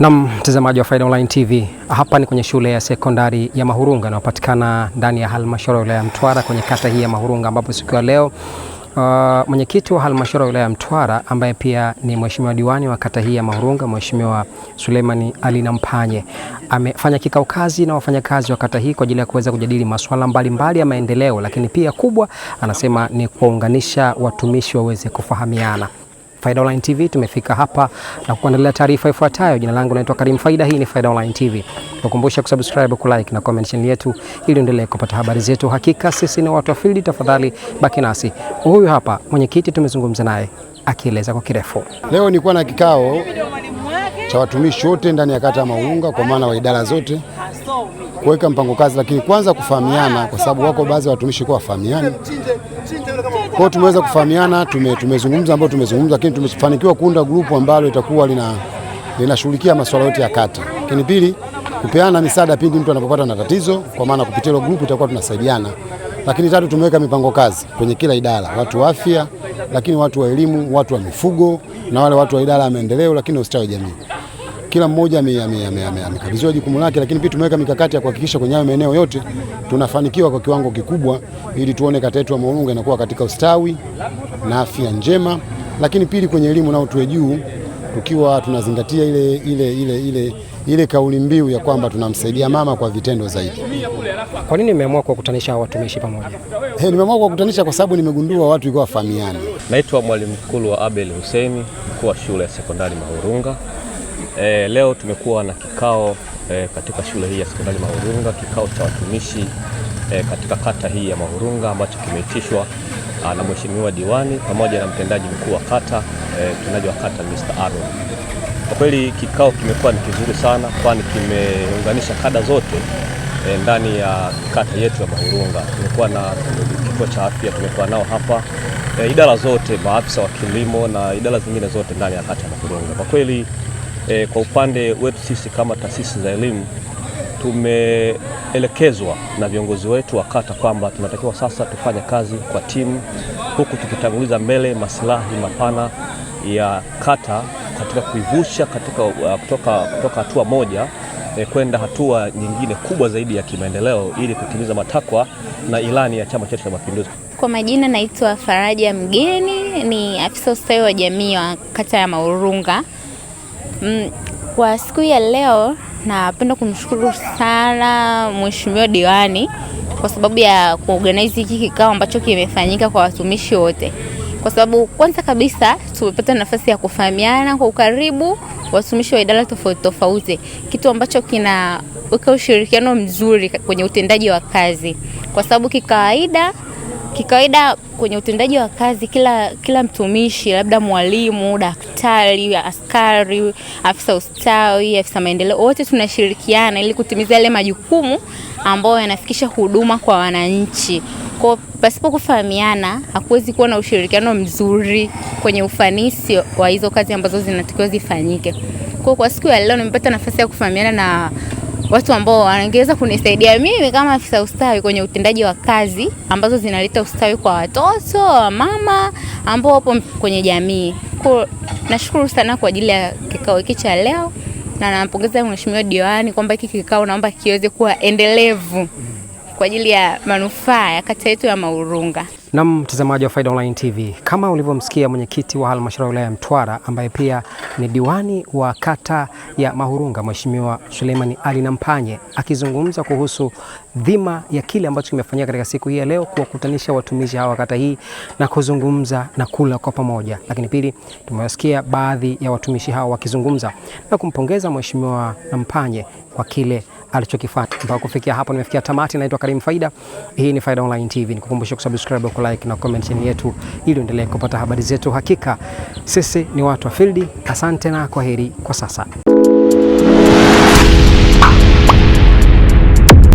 Na mtazamaji wa Faida Online TV, hapa ni kwenye shule ya sekondari ya Mahurunga inayopatikana ndani ya halmashauri ya wilaya ya Mtwara kwenye kata hii ya Mahurunga, ambapo siku ya leo uh, mwenyekiti wa halmashauri ya wilaya ya Mtwara ambaye pia ni mheshimiwa diwani wa kata hii ya Mahurunga, Mheshimiwa Suleimani Alina Mpanye amefanya kikao kazi na wafanyakazi wa kata hii kwa ajili ya kuweza kujadili masuala mbalimbali ya maendeleo, lakini pia kubwa anasema ni kuwaunganisha watumishi waweze kufahamiana. Faida Online TV tumefika hapa na kukuandalia taarifa ifuatayo. Jina langu naitwa Karim Faida, hii ni Faida Online TV. Nakukumbusha kusubscribe, kulike na comment channel yetu ili endelee kupata habari zetu. Hakika sisi ni watu wa field, tafadhali baki nasi. Huyu hapa mwenyekiti tumezungumza naye akieleza kwa kirefu. Leo nilikuwa na kikao cha watumishi wote ndani ya kata ya Maulunga kwa maana wa idara zote kuweka mpango kazi, lakini kwanza kufahamiana, kwa sababu wako baadhi ya watumishi kwa wafahamiani. Kwa hiyo tumeweza kufahamiana, tumezungumza ambao tumezungumza, lakini tumefanikiwa kuunda grupu ambalo itakuwa lina linashughulikia masuala yote ya kata. Lakini pili, kupeana misaada pindi mtu anapopata na tatizo, kwa maana kupitia hilo grupu itakuwa tunasaidiana. Lakini tatu, tumeweka mipango kazi kwenye kila idara, watu wa afya, lakini watu wa elimu, watu wa mifugo na wale watu wa idara ya maendeleo, lakini ustawi wa jamii kila mmoja amekabidhiwa jukumu lake, lakini pia tumeweka mikakati ya kuhakikisha kwenye hayo maeneo yote tunafanikiwa kwa kiwango kikubwa, ili tuone kata yetu ya Maulunga inakuwa katika ustawi na afya njema. Lakini pili, kwenye elimu nao tuwe juu, tukiwa tunazingatia ile, ile, ile, ile, ile kauli mbiu ya kwamba tunamsaidia mama kwa vitendo zaidi. Kwa nini nimeamua kuwakutanisha watumishi pamoja? Hey, nimeamua kuwakutanisha kwa sababu nimegundua watu walikuwa wafahamiani. Naitwa mwalimu mkuu wa Abel Hussein, mkuu wa shule ya sekondari Mahurunga. E, leo tumekuwa na kikao e, katika shule hii ya sekondari Mahurunga, kikao cha watumishi e, katika kata hii ya Mahurunga ambacho kimeitishwa ah, na mheshimiwa diwani pamoja na mtendaji mkuu wa kata e, tunaji wa kata Mr. Aaron. Kwa kweli kikao kimekuwa ni kizuri sana, kwani kimeunganisha kada zote e, ndani ya kata yetu ya Mahurunga. Tumekuwa na kituo cha afya, tumekuwa nao hapa e, idara zote, maafisa wa kilimo na idara zingine zote ndani ya kata ya Mahurunga. Kwa kweli E, kwa upande wetu sisi kama taasisi za elimu tumeelekezwa na viongozi wetu wa kata kwamba tunatakiwa sasa tufanye kazi kwa timu, huku tukitanguliza mbele masilahi mapana ya kata katika kuivusha katika, uh, kutoka, kutoka hatua moja eh, kwenda hatua nyingine kubwa zaidi ya kimaendeleo ili kutimiza matakwa na ilani ya Chama chetu cha Mapinduzi. Kwa majina naitwa Faraja Mgeni, ni afisa ustawi wa jamii wa kata ya Maurunga. Mm, kwa siku ya leo napenda kumshukuru sana Mheshimiwa Diwani kwa sababu ya kuorganize hiki kikao ambacho kimefanyika kwa watumishi wote, kwa sababu kwanza kabisa tumepata nafasi ya kufahamiana kwa ukaribu watumishi wa idara tofauti tofauti, kitu ambacho kinaweka ushirikiano mzuri kwenye utendaji wa kazi, kwa sababu kikawaida kikawaida kwenye utendaji wa kazi kila, kila mtumishi labda mwalimu, daktari daktari, askari, afisa ustawi, afisa maendeleo, wote tunashirikiana ili kutimiza yale majukumu ambayo yanafikisha huduma kwa wananchi. Kwa pasipo kufahamiana, hakuwezi kuwa na ushirikiano mzuri kwenye ufanisi wa hizo kazi ambazo zinatakiwa zifanyike. Kwa kwa siku ya leo nimepata nafasi ya kufahamiana na watu ambao wanaweza kunisaidia mimi kama afisa ustawi kwenye utendaji wa kazi ambazo zinaleta ustawi kwa watoto, wamama ambao wapo kwenye jamii. Nashukuru, nashukuru sana kwa ajili ya kikao hiki cha leo, na nampongeza mheshimiwa diwani kwamba hiki kikao naomba kiweze kuwa endelevu kwa ajili ya manufaa ya kata yetu ya Maurunga. Na mtazamaji wa Faida Online TV, kama ulivyomsikia mwenyekiti wa halmashauri ya wilaya ya Mtwara ambaye pia ni diwani wa kata ya Mahurunga, Mheshimiwa Suleiman Ali Nampanye akizungumza kuhusu dhima ya kile ambacho kimefanyika katika siku hii ya leo kuwakutanisha watumishi hawa kata hii na kuzungumza na kula kwa pamoja. Lakini pili, tumewasikia baadhi ya watumishi hawa wakizungumza na kumpongeza Mheshimiwa Nampanye kwa kile alichokifanya mpaka kufikia hapo. Nimefikia tamati. Naitwa Karim Faida, hii ni Faida Online TV. Nikukumbusha kusubscribe, ku like na comment chini yetu, ili uendelee kupata habari zetu. Hakika sisi ni watu wa field. Asante na kwaheri kwa sasa.